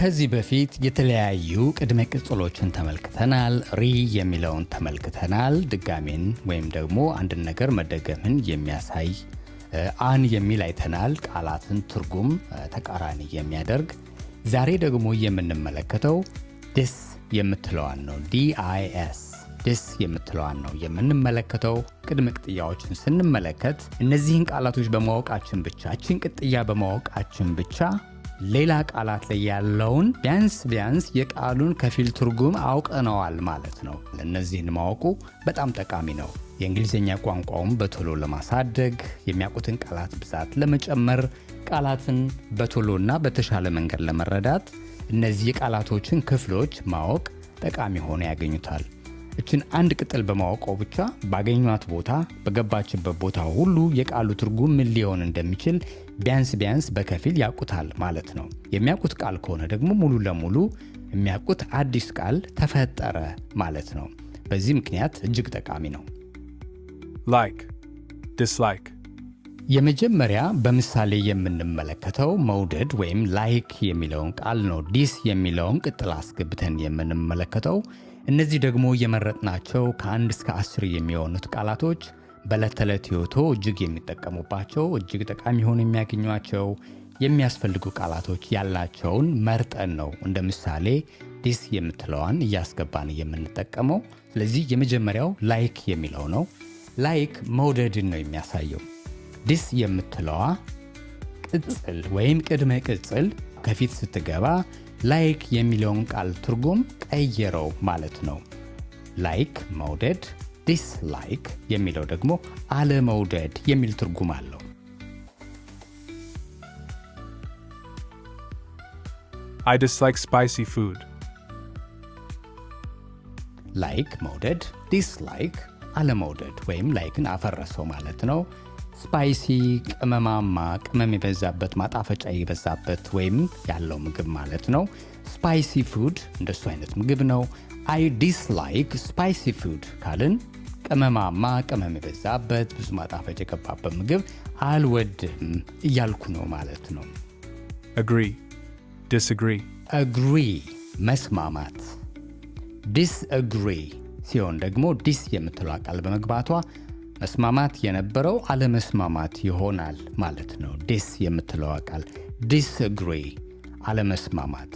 ከዚህ በፊት የተለያዩ ቅድመ ቅጽሎችን ተመልክተናል። ሪ የሚለውን ተመልክተናል፣ ድጋሜን ወይም ደግሞ አንድን ነገር መደገምን የሚያሳይ አን የሚል አይተናል፣ ቃላትን ትርጉም ተቃራኒ የሚያደርግ። ዛሬ ደግሞ የምንመለከተው ድስ የምትለዋን ነው። ዲአይኤስ ደስ የምትለዋን ነው የምንመለከተው። ቅድመ ቅጥያዎችን ስንመለከት እነዚህን ቃላቶች በማወቃችን ብቻ ችን ቅጥያ በማወቃችን ብቻ ሌላ ቃላት ላይ ያለውን ቢያንስ ቢያንስ የቃሉን ከፊል ትርጉም አውቀነዋል ማለት ነው። እነዚህን ማወቁ በጣም ጠቃሚ ነው። የእንግሊዝኛ ቋንቋውን በቶሎ ለማሳደግ፣ የሚያውቁትን ቃላት ብዛት ለመጨመር፣ ቃላትን በቶሎና በተሻለ መንገድ ለመረዳት እነዚህ የቃላቶችን ክፍሎች ማወቅ ጠቃሚ ሆኖ ያገኙታል። እችን አንድ ቅጥል በማወቀው ብቻ ባገኟት ቦታ በገባችበት ቦታ ሁሉ የቃሉ ትርጉም ምን ሊሆን እንደሚችል ቢያንስ ቢያንስ በከፊል ያውቁታል ማለት ነው። የሚያውቁት ቃል ከሆነ ደግሞ ሙሉ ለሙሉ የሚያውቁት አዲስ ቃል ተፈጠረ ማለት ነው። በዚህ ምክንያት እጅግ ጠቃሚ ነው። ላይክ ዲስላይክ የመጀመሪያ በምሳሌ የምንመለከተው መውደድ ወይም ላይክ የሚለውን ቃል ነው። ዲስ የሚለውን ቅጥል አስገብተን የምንመለከተው እነዚህ ደግሞ የመረጥናቸው ከአንድ እስከ አስር የሚሆኑት ቃላቶች በዕለት ተዕለት ሕይወቶ እጅግ የሚጠቀሙባቸው እጅግ ጠቃሚ ሆኑ የሚያገኟቸው የሚያስፈልጉ ቃላቶች ያላቸውን መርጠን ነው እንደ ምሳሌ ዲስ የምትለዋን እያስገባን የምንጠቀመው። ስለዚህ የመጀመሪያው ላይክ የሚለው ነው። ላይክ መውደድን ነው የሚያሳየው። ዲስ የምትለዋ ቅጽል ወይም ቅድመ ቅጽል ከፊት ስትገባ ላይክ የሚለውን ቃል ትርጉም ቀየረው ማለት ነው። ላይክ መውደድ፣ ዲስላይክ የሚለው ደግሞ አለመውደድ የሚል ትርጉም አለው። I dislike spicy food. ላይክ መውደድ፣ ዲስላይክ አለመውደድ ወይም ላይክን አፈረሰው ማለት ነው። ስፓይሲ ቅመማማ ቅመም የበዛበት ማጣፈጫ የበዛበት ወይም ያለው ምግብ ማለት ነው። ስፓይሲ ፉድ እንደሱ አይነት ምግብ ነው። አይ ዲስላይክ ስፓይሲ ፉድ ካልን ቅመማማ ቅመም የበዛበት ብዙ ማጣፈጭ የገባበት ምግብ አልወድም እያልኩ ነው ማለት ነው። agree ዲስግሪ agree መስማማት ዲስግሪ ሲሆን ደግሞ ዲስ የምትለው ቃል በመግባቷ መስማማት የነበረው አለመስማማት ይሆናል ማለት ነው። ዲስ የምትለዋ ቃል ዲስግሪ፣ አለመስማማት።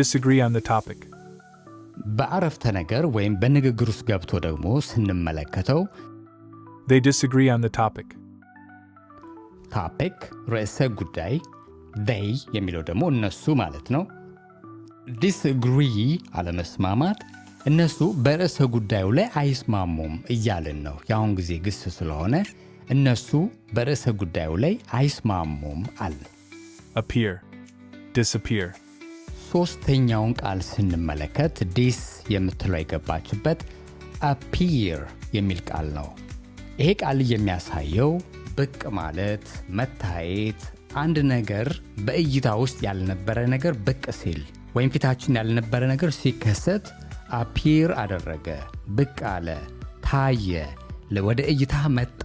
disagree on the topic. በአረፍተ ነገር ወይም በንግግር ውስጥ ገብቶ ደግሞ ስንመለከተው disagree on the topic. ታፒክ ርዕሰ ጉዳይ፣ ዴይ የሚለው ደግሞ እነሱ ማለት ነው። ዲስግሪ አለመስማማት እነሱ በርዕሰ ጉዳዩ ላይ አይስማሙም እያልን ነው። የአሁን ጊዜ ግስ ስለሆነ እነሱ በርዕሰ ጉዳዩ ላይ አይስማሙም አለ። appear disappear ሶስተኛውን ቃል ስንመለከት ዲስ የምትለው የገባችበት አፒር የሚል ቃል ነው። ይሄ ቃል የሚያሳየው ብቅ ማለት፣ መታየት፣ አንድ ነገር በእይታ ውስጥ ያልነበረ ነገር ብቅ ሲል ወይም ፊታችን ያልነበረ ነገር ሲከሰት አፒር አደረገ፣ ብቅ አለ፣ ታየ፣ ወደ እይታ መጣ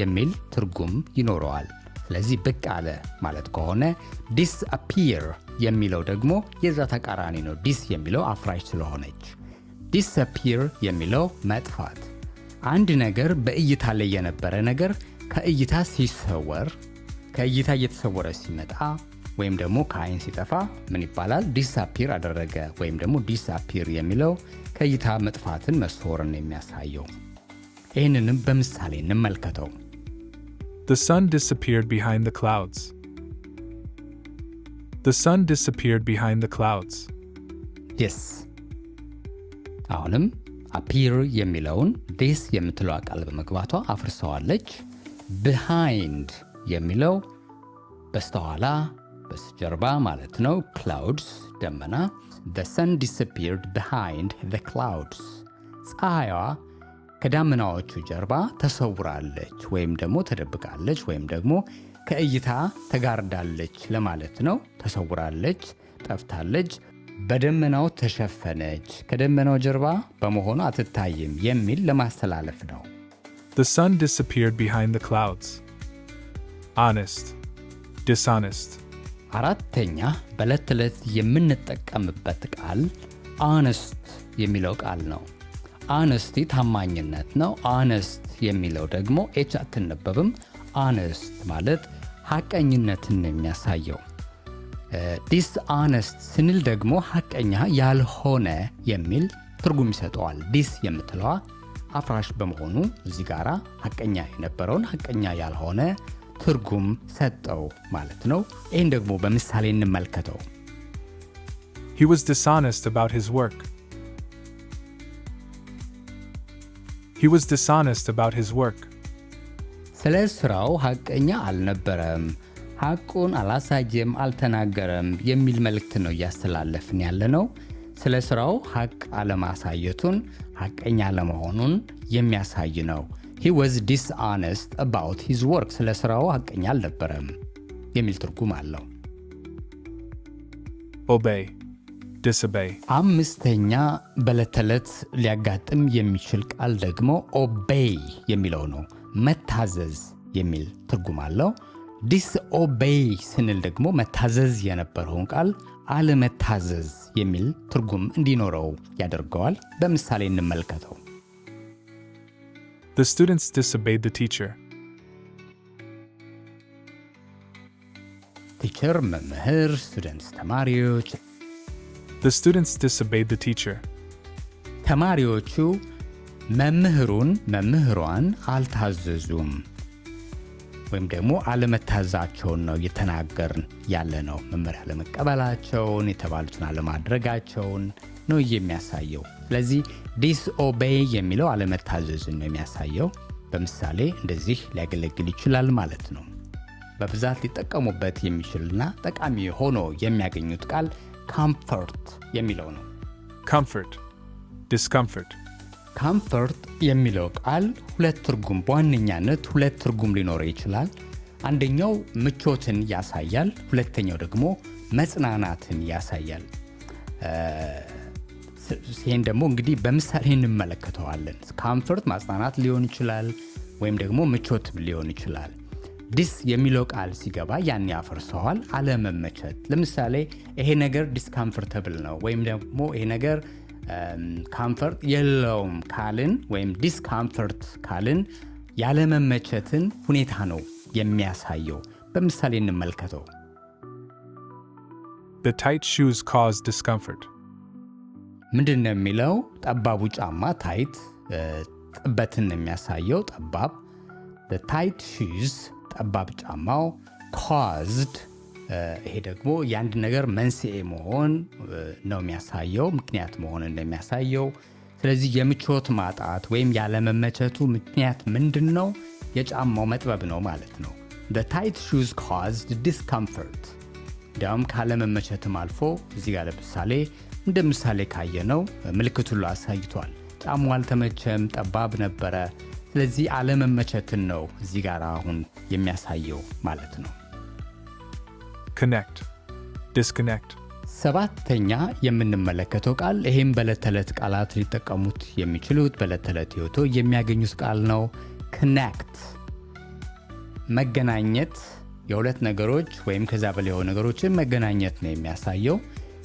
የሚል ትርጉም ይኖረዋል። ስለዚህ ብቅ አለ ማለት ከሆነ ዲስ አፒር የሚለው ደግሞ የዛ ተቃራኒ ነው። ዲስ የሚለው አፍራሽ ስለሆነች ዲስ አፒር የሚለው መጥፋት። አንድ ነገር በእይታ ላይ የነበረ ነገር ከእይታ ሲሰወር ከእይታ እየተሰወረ ሲመጣ ወይም ደግሞ ከአይን ሲጠፋ ምን ይባላል? ዲሳፒር አደረገ ወይም ደግሞ ዲሳፒር የሚለው ከእይታ መጥፋትን መሰወርን የሚያሳየው። ይህንንም በምሳሌ እንመልከተው። The sun disappeared behind the clouds. The sun disappeared behind the clouds. yes አሁንም አፒር የሚለውን ዴስ የምትለው ቃል በመግባቷ አፍርሰዋለች። ቢሃይንድ የሚለው በስተኋላ ጀርባ ማለት ነው። ክላውድስ ደመና። ዘ ሰን ዲስፒርድ ቢሃይንድ ዘ ክላውድስ ፀሐይዋ ከዳመናዎቹ ጀርባ ተሰውራለች ወይም ደግሞ ተደብቃለች ወይም ደግሞ ከእይታ ተጋርዳለች ለማለት ነው። ተሰውራለች፣ ጠፍታለች፣ በደመናው ተሸፈነች፣ ከደመናው ጀርባ በመሆኑ አትታይም የሚል ለማስተላለፍ ነው። The sun disappeared behind the clouds. Honest. Dishonest. አራተኛ በዕለት ተዕለት የምንጠቀምበት ቃል አነስት የሚለው ቃል ነው። አነስቲ ታማኝነት ነው። አነስት የሚለው ደግሞ ኤች አትነበብም። አነስት ማለት ሀቀኝነትን ነው የሚያሳየው። ዲስ አነስት ስንል ደግሞ ሀቀኛ ያልሆነ የሚል ትርጉም ይሰጠዋል። ዲስ የምትለዋ አፍራሽ በመሆኑ እዚህ ጋራ ሀቀኛ የነበረውን ሀቀኛ ያልሆነ ትርጉም ሰጠው ማለት ነው። ይህን ደግሞ በምሳሌ እንመልከተው። He was dishonest about his work. He was dishonest about his work. ስለ ስራው ሐቀኛ አልነበረም፣ ሐቁን አላሳየም፣ አልተናገረም የሚል መልእክት ነው እያስተላለፍን ያለ ነው። ስለ ስራው ሐቅ አለማሳየቱን ሐቀኛ አለመሆኑን የሚያሳይ ነው። ሂ ወዝ ዲስአነስት አባውት ሂዝ ወርክ፣ ስለ ስራው ሐቀኛ አልነበረም የሚል ትርጉም አለው። ኦቤይ ዲስኦቤይ። አምስተኛ በዕለት ተዕለት ሊያጋጥም የሚችል ቃል ደግሞ ኦቤይ የሚለው ነው። መታዘዝ የሚል ትርጉም አለው። ዲስኦቤይ ስንል ደግሞ መታዘዝ የነበረውን ቃል አለመታዘዝ የሚል ትርጉም እንዲኖረው ያደርገዋል። በምሳሌ እንመልከተው። The students disobeyed the teacher. ቲቸር መምህር፣ ተማሪዎች። The students disobeyed the teacher. ተማሪዎቹ መምህሩን መምህሯን አልታዘዙም ወይም ደግሞ አለመታዛቸውን ነው እየተናገርን ያለ ነው። መመሪያ ለመቀበላቸውን የተባሉትን አለማድረጋቸውን ነው የሚያሳየው። ስለዚህ ዲስኦቤይ የሚለው አለመታዘዝን ነው የሚያሳየው። በምሳሌ እንደዚህ ሊያገለግል ይችላል ማለት ነው። በብዛት ሊጠቀሙበት የሚችልና ጠቃሚ ሆኖ የሚያገኙት ቃል ካምፈርት የሚለው ነው። ካምፈርት፣ ዲስካምፈርት። ካምፈርት የሚለው ቃል ሁለት ትርጉም በዋነኛነት ሁለት ትርጉም ሊኖረው ይችላል። አንደኛው ምቾትን ያሳያል፣ ሁለተኛው ደግሞ መጽናናትን ያሳያል። ይህን ደግሞ እንግዲህ በምሳሌ እንመለከተዋለን። ካምፈርት ማጽናናት ሊሆን ይችላል፣ ወይም ደግሞ ምቾት ሊሆን ይችላል። ዲስ የሚለው ቃል ሲገባ ያን ያፈርሰዋል፣ አለመመቸት። ለምሳሌ ይሄ ነገር ዲስካምፈርተብል ነው ወይም ደግሞ ይሄ ነገር ካምፈርት የለውም ካልን ወይም ዲስካምፈርት ካልን ያለመመቸትን ሁኔታ ነው የሚያሳየው። በምሳሌ እንመልከተው። The tight shoes cause discomfort. ምንድን ነው የሚለው? ጠባቡ ጫማ ታይት ጥበትን የሚያሳየው ጠባብ ታይት ሹዝ ጠባብ ጫማው ካዝድ ይሄ ደግሞ የአንድ ነገር መንስኤ መሆን ነው የሚያሳየው፣ ምክንያት መሆን እንደሚያሳየው። ስለዚህ የምቾት ማጣት ወይም ያለመመቸቱ ምክንያት ምንድን ነው? የጫማው መጥበብ ነው ማለት ነው። ታይት ሹዝ ካዝድ ዲስኮምፈርት፣ እንዲያውም ካለመመቸትም አልፎ እዚህ ጋር ለምሳሌ እንደ ምሳሌ ካየነው ምልክቱ ሁሉ አሳይቷል። ጫሙ አልተመቸም፣ ጠባብ ነበረ። ስለዚህ አለመመቸትን ነው እዚህ ጋር አሁን የሚያሳየው ማለት ነው። ሰባተኛ የምንመለከተው ቃል ይህም በለተለት ቃላት ሊጠቀሙት የሚችሉት በለተለት ህይወቶ የሚያገኙት ቃል ነው። ክነክት መገናኘት የሁለት ነገሮች ወይም ከዚ በላይ የሆኑ ነገሮችን መገናኘት ነው የሚያሳየው።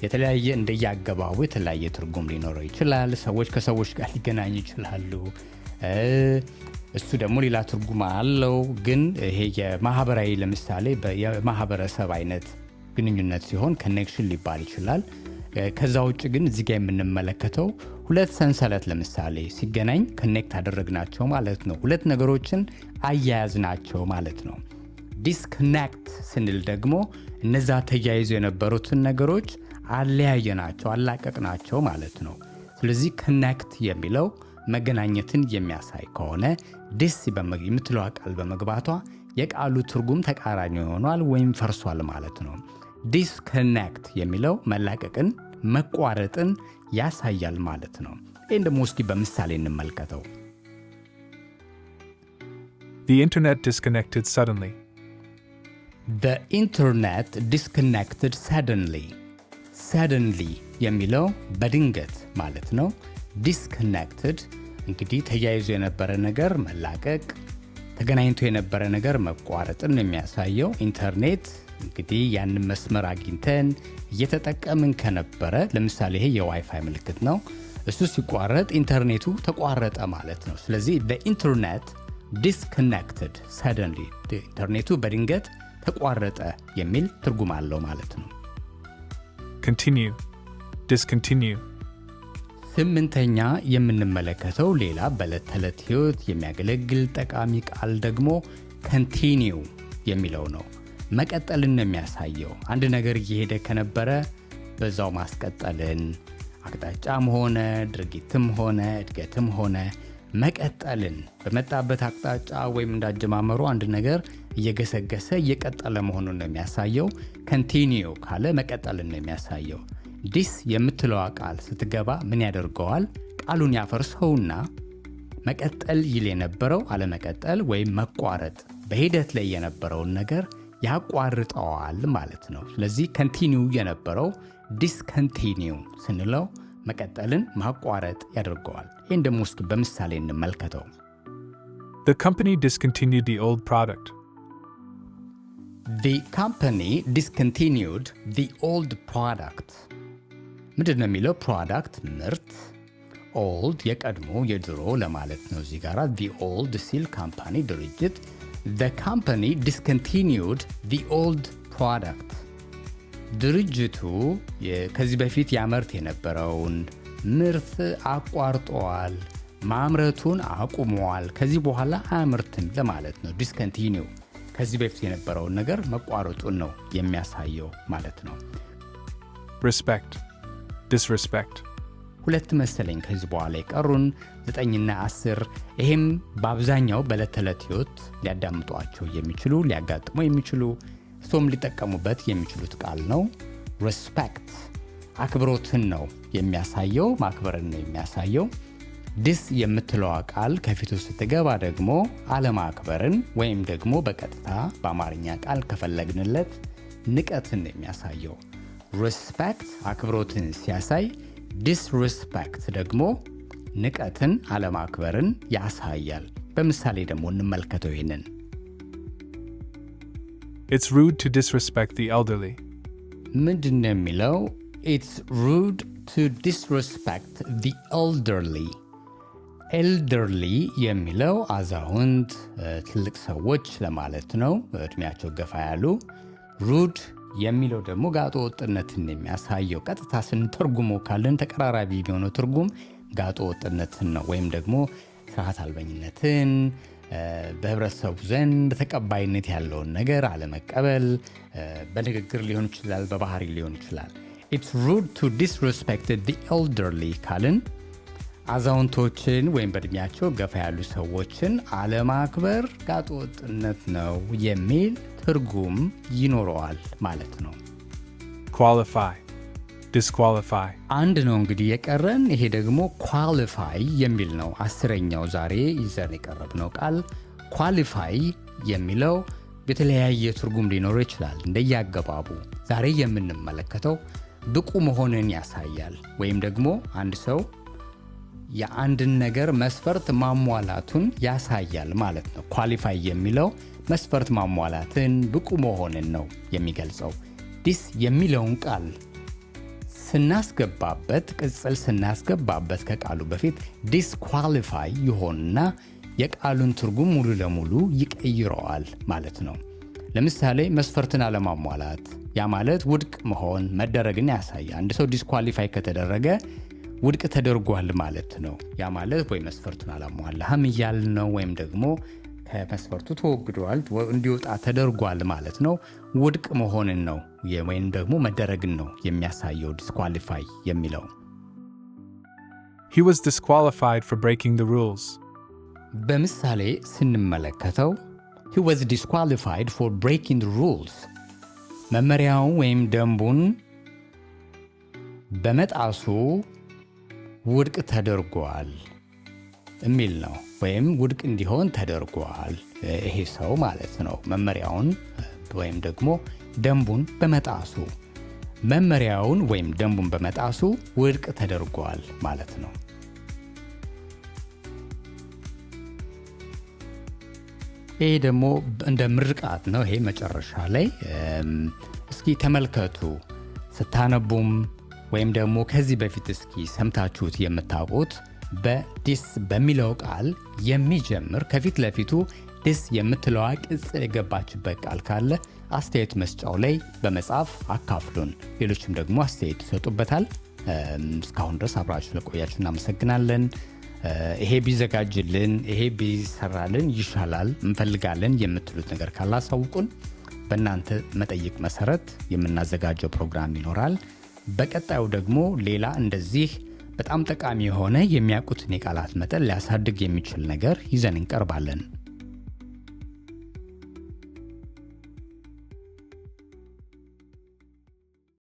የተለያየ እንደየአገባቡ የተለያየ ትርጉም ሊኖረው ይችላል። ሰዎች ከሰዎች ጋር ሊገናኙ ይችላሉ። እሱ ደግሞ ሌላ ትርጉም አለው። ግን ይሄ የማህበራዊ ለምሳሌ የማህበረሰብ አይነት ግንኙነት ሲሆን ኮኔክሽን ሊባል ይችላል። ከዛ ውጭ ግን እዚህ ጋ የምንመለከተው ሁለት ሰንሰለት ለምሳሌ ሲገናኝ ኮኔክት አደረግናቸው ማለት ነው። ሁለት ነገሮችን አያያዝናቸው ማለት ነው። ዲስኮኔክት ስንል ደግሞ እነዛ ተያይዞ የነበሩትን ነገሮች አለያየናቸው፣ አላቀቅናቸው ማለት ነው። ስለዚህ ክነክት የሚለው መገናኘትን የሚያሳይ ከሆነ ደስ የምትለዋ ቃል በመግባቷ የቃሉ ትርጉም ተቃራኒ ሆኗል ወይም ፈርሷል ማለት ነው። ዲስክነክት የሚለው መላቀቅን መቋረጥን ያሳያል ማለት ነው። ይህን ደግሞ እስኪ በምሳሌ እንመልከተው። ኢንተርኔት ዲስክነክትድ ሰደንሊ ኢንተርኔት ዲስኮኔክትድ ሰደንሊ ሰደንሊ የሚለው በድንገት ማለት ነው። ዲስኮኔክትድ እንግዲህ ተያይዞ የነበረ ነገር መላቀቅ፣ ተገናኝቶ የነበረ ነገር መቋረጥን የሚያሳየው ኢንተርኔት እንግዲህ ያንን መስመር አግኝተን እየተጠቀምን ከነበረ ለምሳሌ ይሄ የዋይፋይ ምልክት ነው። እሱ ሲቋረጥ ኢንተርኔቱ ተቋረጠ ማለት ነው። ስለዚህ በኢንተርኔት ዲስኮኔክትድ ሰደንሊ ኢንተርኔቱ በድንገት ተቋረጠ የሚል ትርጉም አለው ማለት ነው። continue discontinue ስምንተኛ የምንመለከተው ሌላ በዕለት ተዕለት ህይወት የሚያገለግል ጠቃሚ ቃል ደግሞ ከንቲኒው የሚለው ነው። መቀጠልን ነው የሚያሳየው። አንድ ነገር እየሄደ ከነበረ በዛው ማስቀጠልን አቅጣጫም ሆነ ድርጊትም ሆነ እድገትም ሆነ መቀጠልን በመጣበት አቅጣጫ ወይም እንዳጀማመሩ አንድ ነገር እየገሰገሰ እየቀጠለ መሆኑን ነው የሚያሳየው። ከንቲኒዩ ካለ መቀጠልን ነው የሚያሳየው። ዲስ የምትለዋ ቃል ስትገባ ምን ያደርገዋል? ቃሉን ያፈርሰውና መቀጠል ይል የነበረው አለመቀጠል ወይም መቋረጥ በሂደት ላይ የነበረውን ነገር ያቋርጠዋል ማለት ነው። ስለዚህ ከንቲኒው የነበረው ዲስከንቲኒው ስንለው መቀጠልን ማቋረጥ ያደርገዋል። ይህን ደግሞ ውስጥ በምሳሌ እንመልከተው። The company discontinued the old product. The company discontinued the old product። ምንድን ነው የሚለው? ፕሮዳክት ምርት፣ ኦልድ የቀድሞ የድሮ ለማለት ነው። እዚህ ጋራ the old ሲል ካምፓኒ ድርጅት። The company discontinued the old product። ድርጅቱ ከዚህ በፊት ያመርት የነበረውን ምርት አቋርጧል ማምረቱን አቁመዋል። ከዚህ በኋላ አያምርትም ለማለት ነው ዲስከንቲኒው ከዚህ በፊት የነበረውን ነገር መቋረጡን ነው የሚያሳየው ማለት ነው። ሪስፔክት ዲስሪስፔክት ሁለት መሰለኝ ከዚህ በኋላ የቀሩን ዘጠኝና አስር ይህም በአብዛኛው በለተለት ተዕለት ሊያዳምጧቸው የሚችሉ ሊያጋጥሙ የሚችሉ እሶም ሊጠቀሙበት የሚችሉት ቃል ነው። ሪስፔክት አክብሮትን ነው የሚያሳየው፣ ማክበርን ነው የሚያሳየው። ዲስ የምትለዋ ቃል ከፊቱ ስትገባ ደግሞ አለማክበርን ወይም ደግሞ በቀጥታ በአማርኛ ቃል ከፈለግንለት ንቀትን የሚያሳየው ሪስፔክት አክብሮትን ሲያሳይ፣ ዲስሪስፔክት ደግሞ ንቀትን፣ አለማክበርን ያሳያል። በምሳሌ ደግሞ እንመልከተው ይህንን It's rude to disrespect the elderly. ምንድን የሚለው? It's rude to disrespect the elderly ኤልደርሊ የሚለው አዛውንት ትልቅ ሰዎች ለማለት ነው፣ እድሜያቸው ገፋ ያሉ። ሩድ የሚለው ደግሞ ጋጦ ወጥነትን የሚያሳየው ቀጥታ ስንተርጉሞ ካለን ተቀራራቢ የሚሆነው ትርጉም ጋጦ ወጥነትን ነው፣ ወይም ደግሞ ስርዓት አልበኝነትን በህብረተሰቡ ዘንድ ተቀባይነት ያለውን ነገር አለመቀበል፣ በንግግር ሊሆን ይችላል፣ በባህሪ ሊሆን ይችላል። ኢትስ ሩድ ቱ ዲስሪስፔክት ዘ ኤልደርሊ ካልን አዛውንቶችን ወይም በእድሜያቸው ገፋ ያሉ ሰዎችን አለማክበር ጋጠወጥነት ነው የሚል ትርጉም ይኖረዋል ማለት ነው። ኳሊፋይ ዲስኳሊፋይ አንድ ነው እንግዲህ የቀረን። ይሄ ደግሞ ኳሊፋይ የሚል ነው። አስረኛው ዛሬ ይዘን የቀረብነው ቃል ኳሊፋይ የሚለው የተለያየ ትርጉም ሊኖረው ይችላል እንደየአገባቡ። ዛሬ የምንመለከተው ብቁ መሆንን ያሳያል ወይም ደግሞ አንድ ሰው የአንድን ነገር መስፈርት ማሟላቱን ያሳያል ማለት ነው። ኳሊፋይ የሚለው መስፈርት ማሟላትን ብቁ መሆንን ነው የሚገልጸው። ዲስ የሚለውን ቃል ስናስገባበት ቅጽል ስናስገባበት ከቃሉ በፊት ዲስኳሊፋይ ይሆንና የቃሉን ትርጉም ሙሉ ለሙሉ ይቀይረዋል ማለት ነው። ለምሳሌ መስፈርትን አለማሟላት፣ ያ ማለት ውድቅ መሆን መደረግን ያሳያል። አንድ ሰው ዲስኳሊፋይ ከተደረገ ውድቅ ተደርጓል ማለት ነው። ያ ማለት ወይ መስፈርቱን አላሟላህም እያል ነው፣ ወይም ደግሞ ከመስፈርቱ ተወግደዋል እንዲወጣ ተደርጓል ማለት ነው። ውድቅ መሆንን ነው ወይም ደግሞ መደረግን ነው የሚያሳየው ዲስኳሊፋይ የሚለው He was disqualified for breaking the rules. በምሳሌ ስንመለከተው he was disqualified for breaking the rules መመሪያውን ወይም ደንቡን በመጣሱ ውድቅ ተደርጓል የሚል ነው። ወይም ውድቅ እንዲሆን ተደርጓል ይሄ ሰው ማለት ነው። መመሪያውን ወይም ደግሞ ደንቡን በመጣሱ መመሪያውን ወይም ደንቡን በመጣሱ ውድቅ ተደርጓል ማለት ነው። ይህ ደግሞ እንደ ምርቃት ነው። ይሄ መጨረሻ ላይ እስኪ ተመልከቱ ስታነቡም ወይም ደግሞ ከዚህ በፊት እስኪ ሰምታችሁት የምታውቁት በዲስ በሚለው ቃል የሚጀምር ከፊት ለፊቱ ዲስ የምትለዋ ቅጽል የገባችበት ቃል ካለ አስተያየት መስጫው ላይ በመጻፍ አካፍሉን። ሌሎችም ደግሞ አስተያየት ይሰጡበታል። እስካሁን ድረስ አብራችሁ ለቆያችሁ እናመሰግናለን። ይሄ ቢዘጋጅልን፣ ይሄ ቢሰራልን ይሻላል እንፈልጋለን የምትሉት ነገር ካላሳውቁን። በእናንተ መጠይቅ መሰረት የምናዘጋጀው ፕሮግራም ይኖራል። በቀጣዩ ደግሞ ሌላ እንደዚህ በጣም ጠቃሚ የሆነ የሚያውቁትን የቃላት መጠን ሊያሳድግ የሚችል ነገር ይዘን እንቀርባለን።